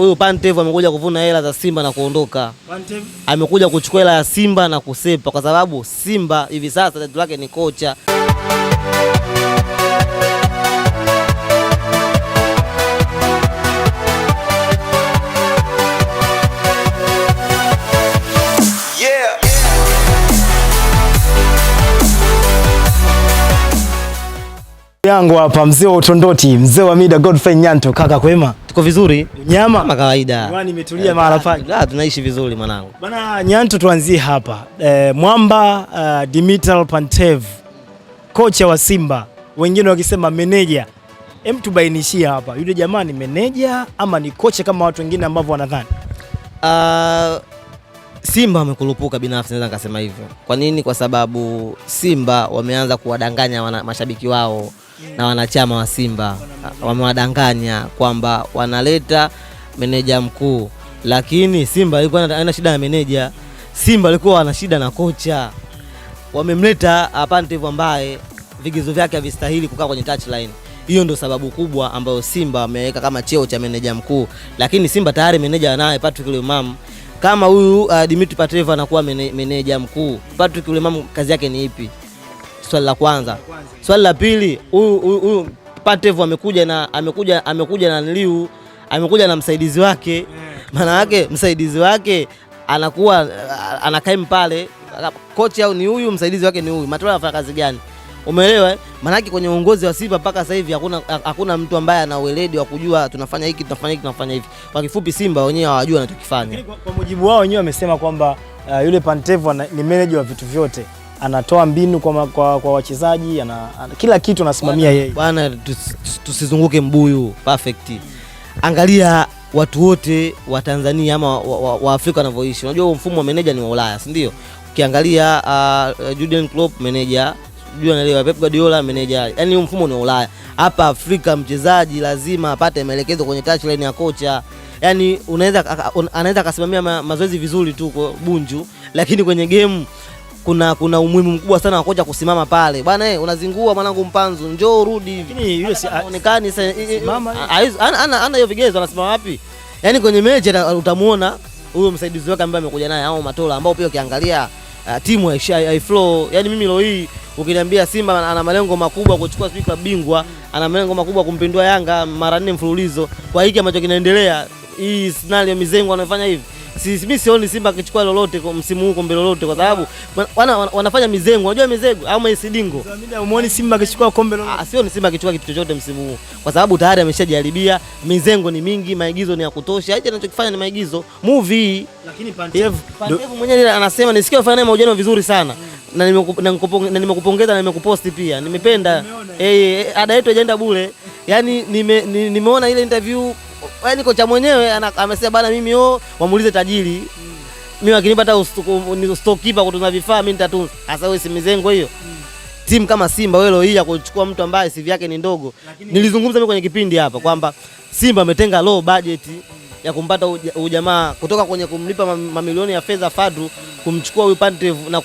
huyu Pantev amekuja kuvuna hela za Simba na kuondoka. Pantev amekuja kuchukua hela ya Simba na kusepa, kwa sababu Simba hivi sasa tatizo lake ni kocha. yangu hapa mzee wa utondoti, mzee wa mida Godfrey Nyanto. Kaka kwema? Tuko vizuri nyama kama kawaida. Mwani imetulia mahala eh, pale. Ah, tunaishi vizuri mwanangu. Bana Nyanto, tuanzie hapa e, mwamba uh, eh, Dimitar Pantev kocha wa Simba, wengine wakisema meneja. Hem, tubainishie hapa, yule jamaa ni meneja ama ni kocha kama watu wengine ambavyo wanadhani? Uh, Simba wamekulupuka binafsi naweza nikasema hivyo. Kwa nini? Kwa sababu Simba wameanza kuwadanganya wana, mashabiki wao na wanachama wa Simba wamewadanganya kwamba wanaleta meneja mkuu, lakini Simba ilikuwa ana shida na meneja. Simba alikuwa ana shida na kocha. Wamemleta Pantev ambaye vigezo vyake havistahili kukaa kwenye touchline. Hiyo ndio sababu kubwa ambayo Simba wameweka kama cheo cha meneja mkuu, lakini Simba tayari meneja anaye Patrick Lumam kama huyu uh, Dimitri Patreva anakuwa meneja mkuu, Patrick Ulemam kazi yake ni ipi? Swali la kwanza. Swali la pili, huyu Patreva amekuja na amekuja amekuja na Liu amekuja na msaidizi wake, maana yake msaidizi wake anakuwa uh, anakaim pale kocha au ni huyu msaidizi wake ni huyu, Matoro anafanya kazi gani? Umeelewa? Eh? Maanake kwenye uongozi wa Simba mpaka sasa hivi hakuna hakuna mtu ambaye ana ueledi wa kujua tunafanya hiki tunafanya hiki tunafanya hivi. Kwa kifupi, Simba wenyewe hawajui wanachokifanya. Kwa mujibu wao wenyewe wamesema kwamba uh, yule Pantevo ni meneja wa vitu vyote, anatoa mbinu kwa, kwa, kwa wachezaji ana, ana, kila kitu anasimamia yeye. Bwana, tusizunguke mbuyu. Perfect. Angalia watu wote wa Tanzania ama wa, wa, wa Afrika wanavyoishi. Unajua mfumo wa meneja ni wa Ulaya, si ndio? Ukiangalia uh, Jurgen Klopp meneja sijui anaelewa Pep Guardiola meneja. Yaani mfumo ni Ulaya. Hapa Afrika mchezaji lazima apate maelekezo kwenye touchline ya kocha. Yaani unaweza anaweza akasimamia ma, mazoezi vizuri tu kwa Bunju, lakini kwenye game kuna kuna umuhimu mkubwa sana wa kocha kusimama pale. Bwana eh, unazingua mwanangu Mpanzu, njoo urudi eh, eh, eh, hivi. Yule si aonekani sasa ana ana hiyo vigezo anasimama wapi? Yaani kwenye mechi utamuona huyo msaidizi wake ambaye amekuja naye au Matola ambao pia ukiangalia uh, timu haiflow. Yani mimi leo hii ukiniambia Simba ana malengo makubwa kuchukua sijui klabu bingwa, ana malengo makubwa kumpindua Yanga mara nne mfululizo, kwa hiki ambacho kinaendelea, hii scenario mizengo anafanya hivi si, mimi sioni Simba akichukua lolote kwa msimu huu, kombe lolote, kwa sababu wana, wana, wanafanya mizengo. Unajua mizengo au maisidingo, umuoni Simba akichukua kombe lolote. Ah, Sioni Simba akichukua kitu chochote msimu huu, kwa sababu tayari ameshajaribia. Mizengo ni mingi, maigizo ni ya kutosha, Haja anachokifanya ni maigizo movie. Lakini Pantev mwenyewe anasema nisikie ufanye naye mahojiano vizuri sana hmm. na nimekupongeza na nimekuposti pia, nimependa. Eh, eh, Ada yetu haijaenda bure, yani nimeona ile interview yaani kocha mwenyewe amesema bana, mimi oh, wamuulize tajiri mm. mimi akinipa hata stokipa kutunza vifaa mimi nitatunza. Sasa wewe si mizengo hiyo mm. timu kama Simba wewe leo hii ya kuchukua mtu ambaye CV yake ni ndogo. Nilizungumza mimi kwenye kipindi hapa yeah. kwamba Simba ametenga low budget mm. ya kumpata ujamaa kutoka kwenye kumlipa mamilioni ya fedha Fadru hmm. kumchukua huyu Pantev na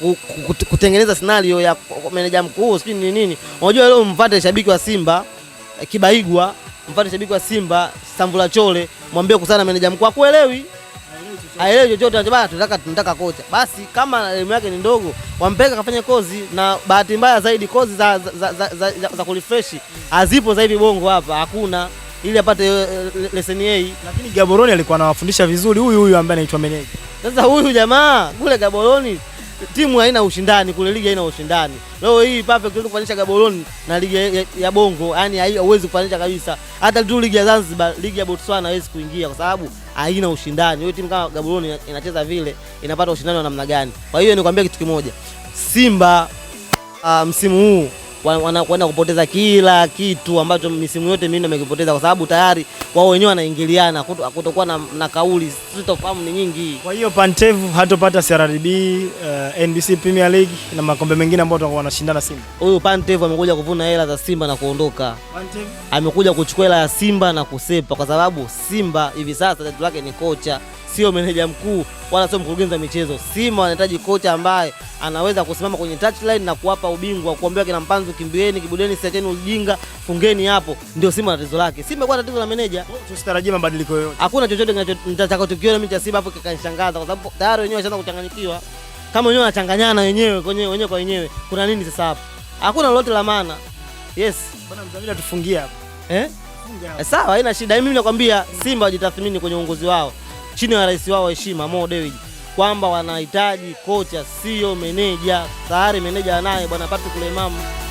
kutengeneza scenario ya meneja mkuu sijui ni nini. Unajua leo mfate shabiki wa Simba Kibaigwa mfano shabiki wa Simba Samvula Chole, mwambie kusana meneja mkuu akuelewi, aelewi chochote anachobana, tunataka tunataka kocha. Basi kama elimu yake ni ndogo, wampeleka kafanye kozi, na bahati mbaya zaidi kozi za, za, za, za, za, za, kurefresh hazipo za hivi bongo hapa hakuna ili apate eh, leseni A. Lakini Gaboroni alikuwa anawafundisha vizuri, huyu huyu ambaye anaitwa meneja. Sasa huyu jamaa kule Gaboroni timu haina ushindani kule, ligi haina ushindani. Leo hii Pape unaweza kufanisha Gaborone na ligi ya, ya Bongo, yani hauwezi kufanisha kabisa. Hata tu ligi ya Zanzibar, ligi ya Botswana haiwezi kuingia kwa sababu haina ushindani. Hiyo timu kama Gaborone inacheza vile, inapata ushindani wa namna gani? Kwa hiyo nikwambia kitu kimoja, Simba uh, msimu huu wanakwenda kupoteza kila kitu ambacho misimu yote minne wamekipoteza, kwa sababu tayari wao wenyewe wanaingiliana, kutokuwa na, na kauli sitofahamu ni nyingi. Kwa hiyo Pantev hatopata CRDB, uh, eh, NBC Premier League na makombe mengine ambayo tutakuwa wanashindana Simba. Huyu Pantev amekuja kuvuna hela za Simba na kuondoka. Pantev amekuja kuchukua hela ya Simba na kusepa, kwa sababu Simba hivi sasa tatizo lake ni kocha sio meneja mkuu wala sio mkurugenzi wa michezo. Simba wanahitaji kocha ambaye anaweza kusimama kwenye touchline na kuwapa ubingwa, kuambia kina Mpanzu, kimbieni, kibudeni, siacheni ujinga, fungeni hapo. Ndio Simba tatizo lake. Simba kwa tatizo la meneja, tusitarajie mabadiliko yoyote. Hakuna chochote nitakachokiona mimi cha Simba hapo kikanishangaza, kwa sababu tayari wenyewe washaanza kuchanganyikiwa, kama wenyewe wanachanganyana wenyewe kwenye wenyewe kwa wenyewe. Kuna nini sasa hapo? Hakuna lolote la maana. Yes bwana mzamili, atufungia eh? hapo eh? Sawa, haina shida. Mimi nakwambia Simba wajitathmini kwenye uongozi wao chini ya rais wao heshima Mo Dewji kwamba wanahitaji kocha, sio meneja. Tayari meneja anaye bwana Patrick Lemamu.